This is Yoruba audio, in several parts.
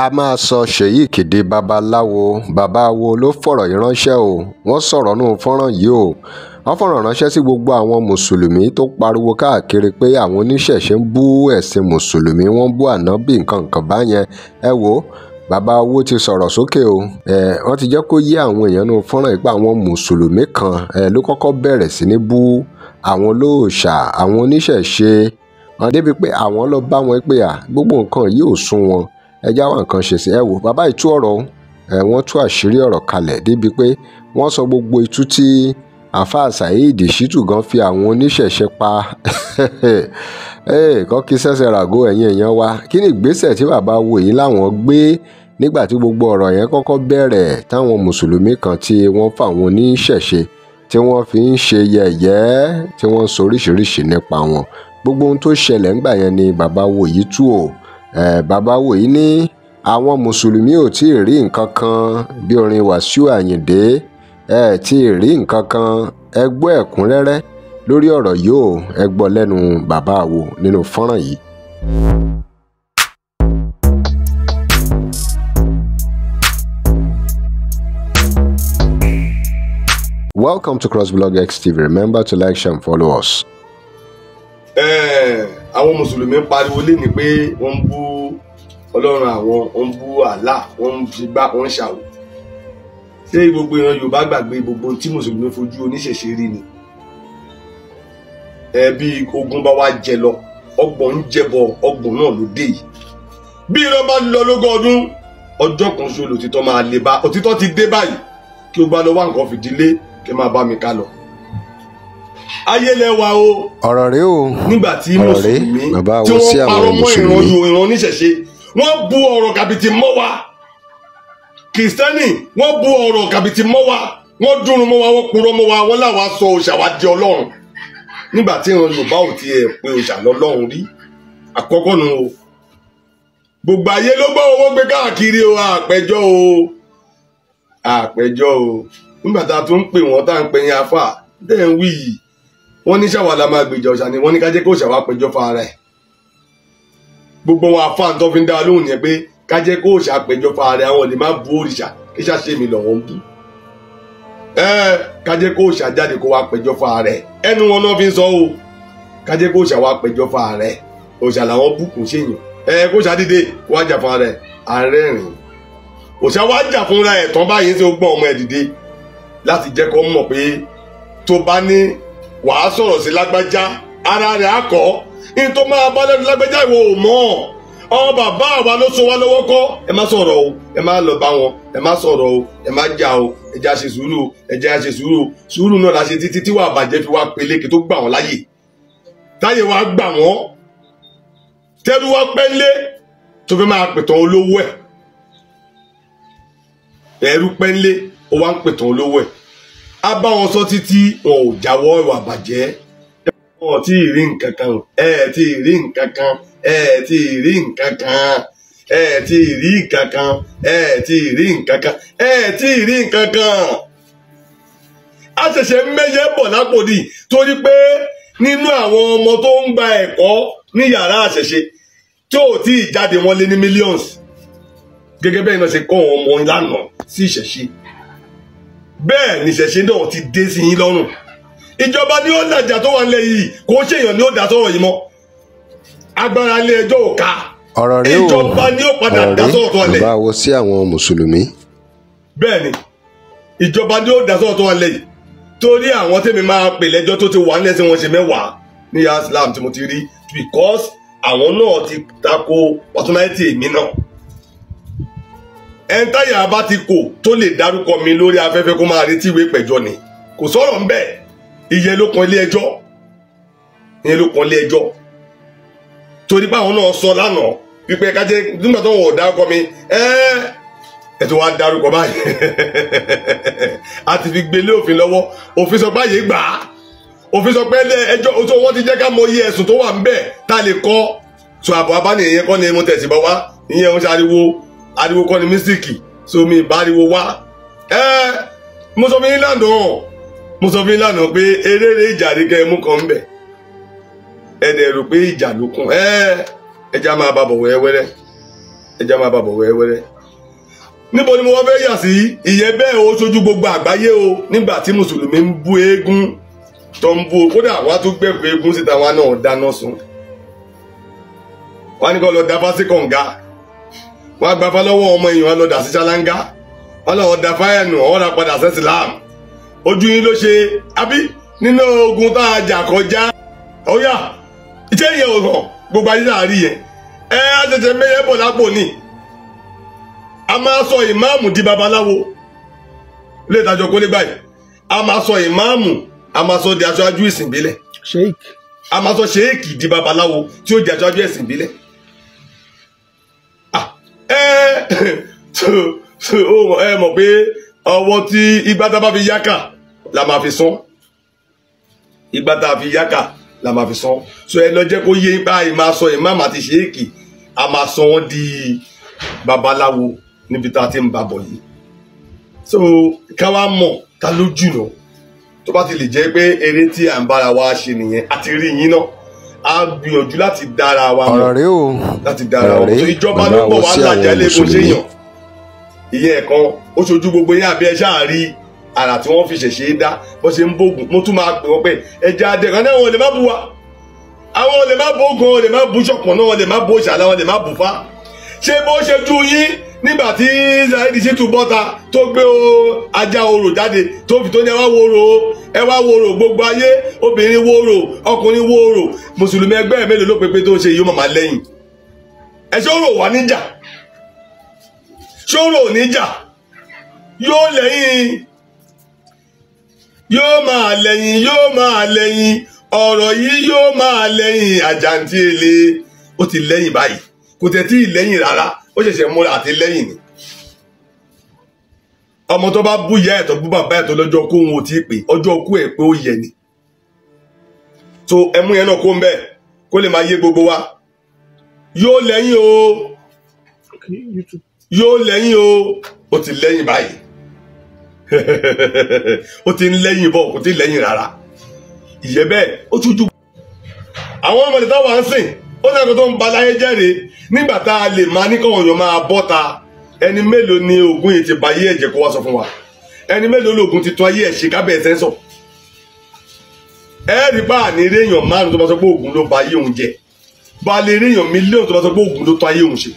a máa sọ sheik di babaláwo bàbá wo ló fọ̀rọ̀ yìí ránṣẹ́ o wọ́n sọ̀rọ̀ nù fọ́nrán yìí o wọ́n fọ̀rọ̀ ránṣẹ́ sí gbogbo àwọn mùsùlùmí tó pariwo káàkiri pé àwọn oníṣẹ̀ṣe ń bú ẹ̀sìn mùsùlùmí wọ́n ń bú ànábì nǹkan kan báyẹn ẹ wo ó bàbá owó ti sọ̀rọ̀ sókè o ẹ̀ wọ́n ti jẹ́ kó yé àwọn èèyàn nù fọ́nrán yìí pé àwọn mùsùlùmí kan ẹ̀ ló kọ́kọ́ bẹ̀rẹ̀ sí ní bú àwọn olóòṣà àwọn oníṣẹ̀ṣe wọ́n débi pé àwọn lọ bá wọn pé à gbogbo nǹkan yìí ò sún wọn ẹjá wà nǹkan ṣe sí ẹ wò bàbá ìtú ọ̀rọ̀ ọ̀hún ẹ wọ́n tú àṣírí ọ̀rọ̀ kalẹ̀ débi pé wọ́n sọ gbogbo ìtú tí àáfàá Saheed Shittu gan fi àwọn oníṣẹ̀ṣe pa kàn kí sẹ́sẹ̀ ràgó ẹ̀yin èèyàn wa kí ni ìgbésẹ̀ tí bàbá wo yìí láwọn gbé nígbà tí gbogbo ọ̀rọ̀ yẹn kọ́kọ́ bẹ̀rẹ̀ táwọn mùsùlùmí kan tí wọ́n fà wọn oníṣẹ̀ṣe tí wọ́n fi ń ṣe yẹ̀yẹ́ tí wọ́n sọ oríṣiríṣi nípa wọn gbogbo ohun tó ṣẹlẹ̀ ńgbà yẹn ni bàbá wo yìí tú o ẹ̀ bàbá wòyí ní àwọn mùsùlùmí ò tí ì rí nǹkan kan bí orin wàsíù àyìndé ẹ̀ tí ì rí nǹkan kan ẹ ẹ̀kúnrẹ́rẹ́ lórí ọ̀rọ̀ yìí ó lẹ́nu bàbá nínú fọ́nrán yìí. Welcome to crossblogX XTV. Remember to like, share, and follow us. Uh àwọn mùsùlùmí ń pariwo lé ní pé wọ́n ń bú ọlọ́run àwọn wọ́n ń bú Allah wọ́n ń fi gbá wọ́n ń ṣàwò ṣé gbogbo ìran Yorùbá gbàgbé gbogbo tí mùsùlùmí fojú oníṣẹ̀ṣe rí ni ẹbí ogun bá wá jẹ lọ ọgbọ̀n ń jẹbọ ọgbọ̀n náà ló dé yìí bí irọ́ bá lọ lógún ọdún ọjọ́ kan ṣo lòtítọ́ máa lè bá òtítọ́ ti dé báyìí kí o bá lọ wá nǹkan fìdílé kí ẹ máa bá mi ká lọ ayélẹ́wà o. ọ̀rọ̀ rẹ o nígbà tí mùsùlùmí tí wọ́n parọ́ mọ́ ìran yòó ìran oníṣẹ̀ṣe wọ́n bu ọ̀rọ̀ kàbìtì mọ́ wa kìrìsìtẹ́nì wọ́n bu ọ̀rọ̀ kàbìtì mọ́ wa wọ́n dúnrún mọ́ wa wọ́n purọ́ mọ́ wa wọ́n làwọn sọ òòṣà wa di ọlọ́run nígbà tí ìran yorùbá ò tiẹ̀ pé òòṣà lọ́lọ́run rí àkọ́kọ́ nu o gbogbo ayé ló gbọ́ owó gbé káàkiri o àpẹjọ́ o àpẹjọ́ o nígbà tá a tún ń pè wọ́n tá à ń pè yín afá dẹ́n wí wọ́n ní ṣàwà la máa gbèjà ọ̀ṣà ni wọ́n ní ká jẹ́ kó ṣàwà péjọ́ fa ara gbogbo wa fáàn tó fi ń dá wa lóhùn yẹn pé ká jẹ́ kó ṣà péjọ́ fa ara ẹ̀ àwọn ò lè má bu òrìṣà kí ṣá ṣe mi lọ́wọ́ ń bú ẹ ká jẹ́ kó ṣà jáde kó wa péjọ́ fa ara ẹ̀ ẹnu wọn náà fi ń sọ o ká jẹ́ kó ṣà wa péjọ́ fa ara òṣà làwọn bú kò ṣèyàn ẹ kó ṣà dìde kó wá jà fún ara ẹ̀ arẹ́rìn òṣà wá jà fúnra ẹ̀ tán báyìí ṣe gbọ́n ọmọ ẹ̀ wàá sọ̀rọ̀ sí lágbájá ara rẹ̀ á kọ́ ní tó máa bá lẹ́nu lágbájá ìwọ ò mọ̀ ọmọ bàbá àwa ló so wá lọ́wọ́ kọ́ ẹ má sọ̀rọ̀ o ẹ má lọ bá wọn ẹ má sọ̀rọ̀ o ẹ má jà o ẹ jẹ́ a ṣe sùúrù ẹ jẹ́ a ṣe sùúrù sùúrù náà la ṣe títí tí wàá bàjẹ́ fi wá peléke tó gbà wọ́n láyè táyé wàá gbà wọ́n tẹ́lú wá pẹ́ńlé tó fẹ́ máa pẹ̀tàn olówó ẹ̀ ẹ̀rú pẹ́ńlé ó wá ń pẹ̀tàn olówó ẹ̀ a bá wọn sọ títí wọn ò jáwọ́ ìwà bàjẹ́ wọn ò tí ì rí nǹkan kan ẹ ẹ tí ì rí nǹkan kan ẹ ti tí ì rí nǹkan kan ẹ ẹ tí ì rí nǹkan kan ẹ ẹ tí ì rí nǹkan kan ẹ ẹ tí ì rí nǹkan kan a ṣẹ̀ṣẹ̀ mẹ́yẹ bọ̀ lápò ni torí pé nínú àwọn ọmọ tó ń gba ẹ̀kọ́ ní yàrá àṣẹ̀ṣe tí ò tí ì jáde wọn lé ní millions gẹ́gẹ́ bẹ́ẹ̀ náà ṣe kọ́ àwọn ọmọ lánàá sí ìṣẹ̀ṣe bẹ́ẹ̀ nìṣẹ̀ṣe náà ti dé sí yín lọ́rùn ìjọba ni ó làjà tó wà nílẹ̀ yìí kò ń ṣèyàn ni ó dá sọ̀rọ̀ yìí mọ́ agbára ilé ẹjọ́ ò ká ìjọba ni ó padà dá sọ̀rọ̀ tó wà lẹ̀. ọ̀rọ̀ rí báwo sí àwọn mùsùlùmí. bẹ́ẹ̀ni ìjọba ni ó dá sọ̀rọ̀ tó wà lẹ̀ yìí torí àwọn tèmi máa pè lẹ́jọ́ tó ti wà nílẹ̀ tí wọ́n ṣe mẹ́wàá ní Islam tí mo ti rí because àwọn náà ti tako personality mi náà ẹntáyà bá ti kò tó lè dárúkọ mi lórí afẹ́fẹ́ kó máa retí ìwé ìpẹ̀jọ́ ni kò sọ̀rọ̀ ń bẹ̀ ìyẹn ló kan ilé ẹjọ́ ìyẹn ló kan ilé ẹjọ́ torí báwọn náà sọ lánàá wípé kájẹ nígbà tó wọ̀ dárúkọ mi ẹ́ẹ́ ẹ ti wá dárúkọ báyìí a ti fi gbélé òfin lọ́wọ́ òfin sọ báyìí gbà á òfin sọ pé ẹjọ́ tó wọ́n ti jẹ́ ká mọ iye ẹ̀sùn tó wà ń bẹ̀ tá a lè kọ́ tó àbọ̀ abánìyẹn kọ́ ni mo tẹ̀sí bọ́ wá ìyẹn ń ṣariwo ariwo kọ́ ni mísíkì so mi ìbáriwo wá ẹ mo sọ fún yín lánàá mo sọ fún yín lánàá pé eléré ìjà rí kẹ́ ẹ mú kan ń bẹ̀ ẹ dẹ̀ rò pé ìjà ló kún ẹ ẹja máa bàbọ̀ wẹ́wẹ́rẹ́ ẹja máa bàbọ̀ wẹ́wẹ́rẹ́ níbo ni mo wá fẹ́ yà sí ìyẹn bẹ́ẹ̀ o ṣojú gbogbo àgbáyé o nígbà tí mùsùlùmí ń bú eégún tó ń bú o kódà wá tó gbẹ̀gbẹ̀ eégún síta wa náà dáná sun wá ní kó lọ dá fásitì kọ̀ǹga wọ́n agbáfa lọ́wọ́ ọmọ èèyàn wọn lọ dà sí ṣáláńgá wọn lọ́wọ́ da fáyà nù ọ̀rọ̀ padà sí Islam ojú yín ló ṣe àbí nínú ogun tá a jà kọjá ọ̀yà iṣẹ́ yẹn ò hàn gbogbo ayé láàrí yẹn ẹ á ṣẹ̀ṣẹ̀ mẹ́yẹ bọ̀ lápò ni a máa sọ ìmáàmù di babaláwo lè dájọ́ kólé báyìí a máa sọ ìmáàmù a máa sọ di aṣáájú ìsìn ìbílẹ̀ a máa sọ ṣéèkì di babaláwo tí ó di aṣáájú ìsìn ìbílẹ̀ ó ẹ mọ̀ pé ọwọ́ tí igbá tá a bá fi yákà la máa fi sán igbá fi yákà la máa fi sán so ẹ lọ jẹ́ kó yé ipa ìmọ̀ aṣọ ìmọ̀ àmà ti ṣéèkì a máa sọ wọ́n di babaláwo níbi tá a ti ń ba bọ̀ yìí so ká wá mọ̀ ta ló jùlọ tó bá ti lè jẹ́ pé eré tí à ń bára wa ṣe nìyẹn àti rí yín náà a gbìyànjú láti dára wa mọ̀ ọ̀rọ̀ rẹ o láti dára wa mọ̀ so ìjọba ló bọ̀ wá lájà lè bó ṣe yàn ìyẹn ẹ̀kọ́ ó ṣojú gbogbo yẹn àbí ẹ ṣáà rí àrà tí wọ́n fi ṣẹ̀ṣẹ̀ dá bó ṣe ń bógun mo tún máa pè wọ́n pé ẹja adẹ́kan náà wọn lè má bu wa àwọn lè má bógun wọn lè má bu ṣọ̀pọ̀ náà wọn lè má bu òṣàlá wọn lè má bu fa ṣé bó ṣe ju yín nígbà tí Saheed Shittu bọ́ta tó gbé o ajá orò jáde tó fi tó ní ẹ wá woro ẹ wá woro gbogbo ayé obìnrin woro ọkùnrin woro mùsùlùmí ẹgbẹ́ mélòó ló pépé tó ń ṣe yìí ó màmá lẹ́yìn ẹ ṣé orò wà níjà ṣé orò níjà yóò lẹ́yìn yóò máa lẹ́yìn yóò máa lẹ́yìn ọ̀rọ̀ yìí yóò máa lẹ́yìn àjàǹtí èlé ó ti lẹ́yìn báyìí kò tẹ̀ tí ì lẹ́yìn rárá ó ṣẹ̀ṣẹ̀ mú àtìlẹ́yìn ni ọmọ tó bá bú ìyá ẹ̀ tó bú bàbá ẹ̀ tó lọ́jọ́ kó òun ò tí ì pè ọjọ́ kú ẹ̀ pé ó yẹ ni so ẹmú yẹn náà kó ń bẹ̀ kó lè máa yé gbogbo wa yóò lẹ́yìn o yóò lẹ́yìn o ó ti lẹ́yìn báyìí ó ti ń lẹ́yìn bọ̀ kò ti lẹ́yìn rárá ìyẹ́ bẹ́ẹ̀ ó tújú. àwọn ọmọ ìta wà ń sìn ó náà kó tó ń ba láyé jẹ́rè nígbà tá a lè máa ní káwọn èèyàn máa bọ́ ta ẹni mélòó ni ogun yìí ti ba ayé ẹ̀jẹ̀ kó wá sọ fún wa ẹni mélòó ni ogun ti tún ayé ẹ̀ṣẹ̀ kábẹ̀ ẹ̀sẹ̀ sọ ẹ̀ẹ́dì bá ní réèyàn márùn tó bá sọ pé ogun ló ba ayé òun jẹ bá lè réèyàn mílíọ̀nù tó bá sọ pé ogun ló tún ayé òun ṣe.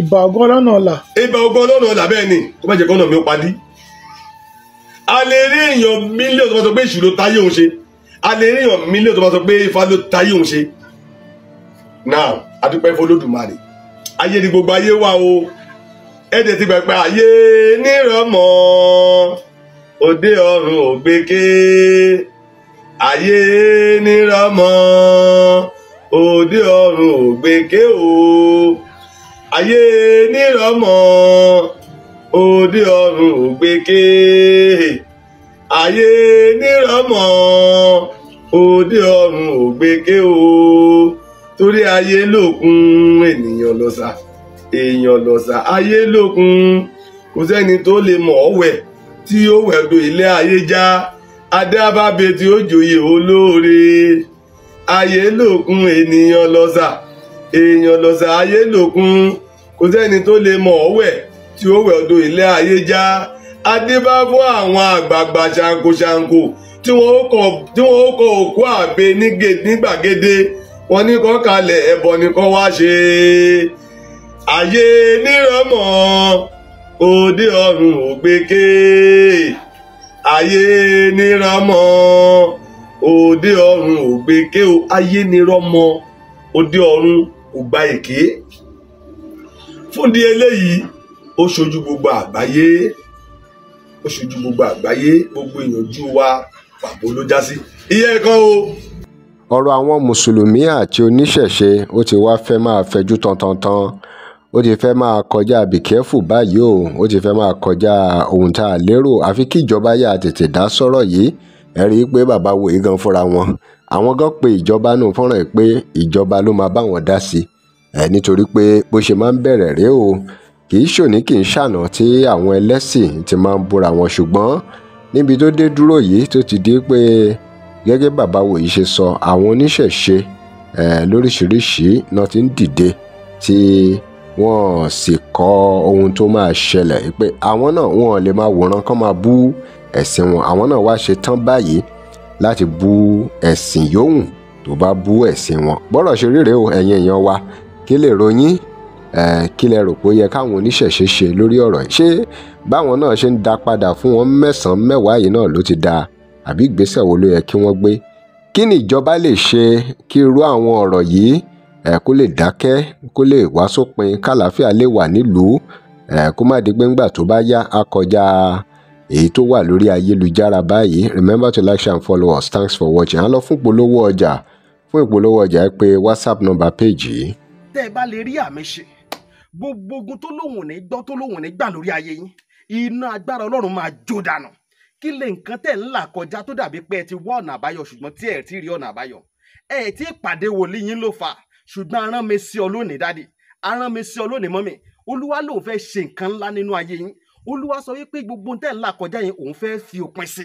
ìbà ọgbọ́n lọ́nà ọ̀la. ìbà ọgbọ́n lọ́nà ọ̀la bẹ́ẹ̀ ni kó má jẹ́ kọ́nà mi ó padì a lè réèyàn mílíọ̀nù tó bá sọ pé ìṣù ló tayé òun ṣe a lè réèyàn mílíọ̀nù tó bá sọ pé ifá ló tayé òun ṣe náà adúpẹ́ fọlọ́dùmarè ayé ni gbogbo ayé wà o ẹ̀dẹ̀ ti gbàgbé ayé nírọ̀mọ́ òde ọ̀run ògbéké ayé nírọ̀mọ́ òde ọ̀run ògbéké o ayé nírọ̀mọ́ òde ọ̀run ògbéké ayé nírọ̀mọ́ òde ọ̀run ògbéké o. torí ayé lòkun ènìyàn lọ́sà èèyàn lọ́sà ayé lòkun kò sẹ́ni tó lè mọ̀ ọ́ wẹ̀ tí ó wẹ̀ do ilé ayé já adábábe tí ó jòyè olóore ayé lòkun ènìyàn lọ́sà èèyàn lọ́sà ayé lòkun kò sẹ́ni tó lè mọ̀ ọ́ wẹ̀ tí ó wẹ̀ do ilé ayé já adébá fún àwọn àgbààgbà ṣankoṣanko tí wọ́n ó kọ òkú àbẹ nígbàgede gbàgede. wọ́n ní kọ́ kalẹ̀ ẹbọ ni kọ́ wá ṣe ayé nírọ̀mọ́ òde ọ̀run ògbéké ayé nírọ̀mọ́ òde ọ̀run ògbéké o ayé nírọ̀mọ́ òde ọ̀run ògbà èké fúndí eléyìí ó ṣojú gbogbo àgbáyé ó ṣojú gbogbo àgbáyé gbogbo ìyànjú wa pàbó ló já sí iye kan o ọ̀rọ̀ àwọn mùsùlùmí àti oníṣẹ̀ṣe ó ti wáá fẹ́ẹ́ máa fẹjú tantantan ó ti fẹ́ẹ́ máa kọjá be careful báyìí o ó ti fẹ́ẹ́ máa kọjá ohun tá a lérò àfi kí ìjọba yà tètè dá sọ́rọ̀ yìí ẹ rí i pé bàbá wòye gan fúnra wọn àwọn gan pe ìjọba nù fọ́nrán ẹ̀ pé ìjọba ló máa bá wọn dá sí ẹ nítorí pé bó ṣe máa ń bẹ̀rẹ̀ rèé o kì í ṣòní kì í ṣàná tí àwọn ẹlẹ́sìn ti máa ń búra wọn ṣùgbọ́n níbi tó dé dúró yìí tó ti di pé gẹ́gẹ́ bàbá wòye ṣe sọ àwọn oníṣẹ̀ṣe lóríṣìíríṣìí náà ti ń dìde tí wọ́n sì kọ ohun tó máa ṣẹlẹ̀ pé àwọn náà wọn lè máa wòran kán máa bú ẹ̀sìn wọn àwọn náà wá ṣe tán báyìí láti bú ẹ̀sìn yòówù tó bá bú ẹ̀sìn wọn bọ́rọ̀ ṣe ríre o ẹ̀yin èèyàn wa kí lè ròyìn kí lẹ rò pé ó yẹ káwọn oníṣẹ̀ṣe ṣe lórí ọ̀rọ̀ yìí ṣé báwọn náà ṣe ń dá padà fún wọn mẹ́sàn-án mẹ́wàá yìí náà ló ti da àbí ìgbésẹ̀ wo ló yẹ kí wọ́n gbé kí ni ìjọba lè ṣe kí irú àwọn ọ̀rọ̀ yìí ẹ̀ kó lè dákẹ́ kó lè wá sópin kálàáfíà lè wà nílùú ẹ̀ kó má di gbẹ́ngbà tó bá yá a èyí tó wà lórí ayélujára báyìí remember to like share and follow us thanks for watching à ń lọ fún ìpolówó ọjà fún ìpolówó ọjà ẹ pé whatsapp number page yìí. tẹ́ ẹ bá lè rí àmì ṣe gbogbo ogun tó lóun ò ní gbọ́ tó lóun ò ní gbà lórí ayé yín iná agbára ọlọ́run máa jó dànù kí lè nǹkan tẹ̀ ń là kọjá tó dàbí pé ẹ ti wá ọ̀nà àbáyọ ṣùgbọ́n tí ẹ ti rí ọ̀nà àbáyọ ẹ ti pàdé wòlíì yín ló fà ṣùgbọ́n arán mi sí ọ lónìí dádì arán mi sí ọ lónìí mọ́mì olúwa lòun fẹ́ ṣe nǹkan ńlá nínú ayé yín olúwa sọ wípé gbogbo tẹ̀ ń là kọjá yẹn òun fẹ́ fi òpin sí